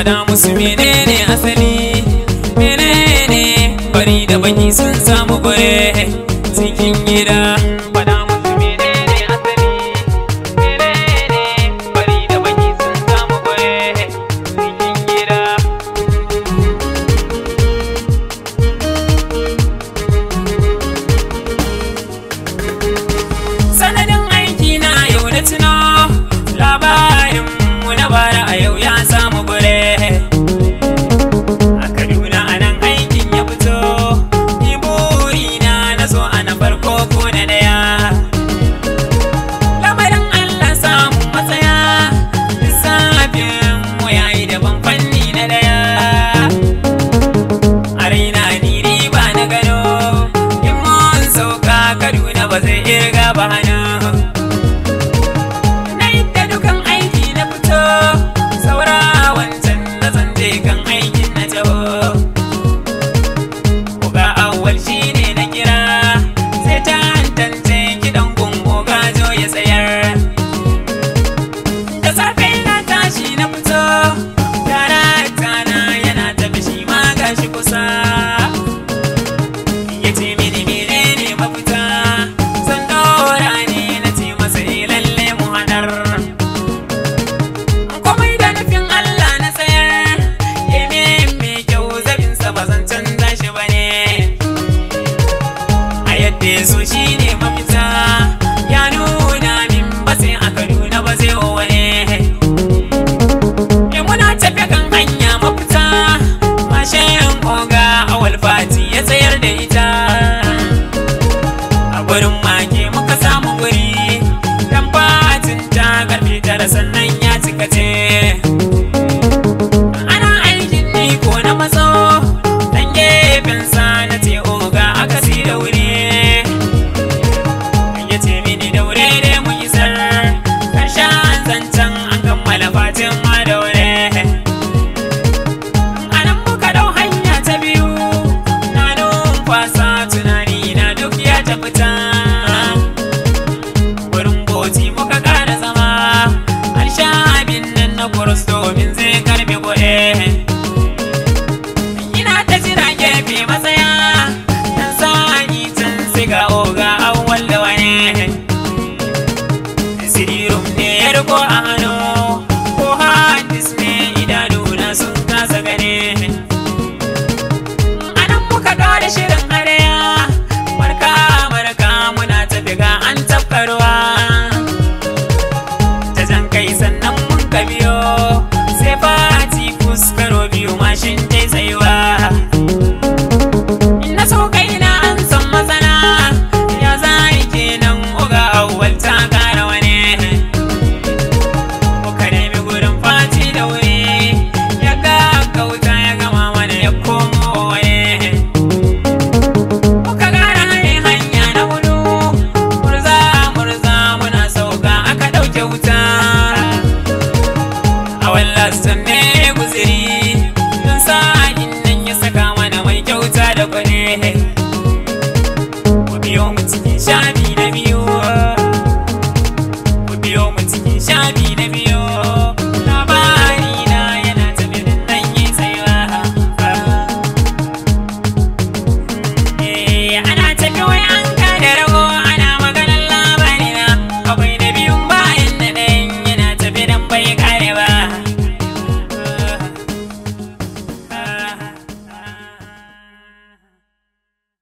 faɗa musu menene asali menene bari da baki sun samu bare cikin gida grab behind gurin mage muka samu wuri dan fatin ta garfe sannan biyo mu cikin shafi na biyu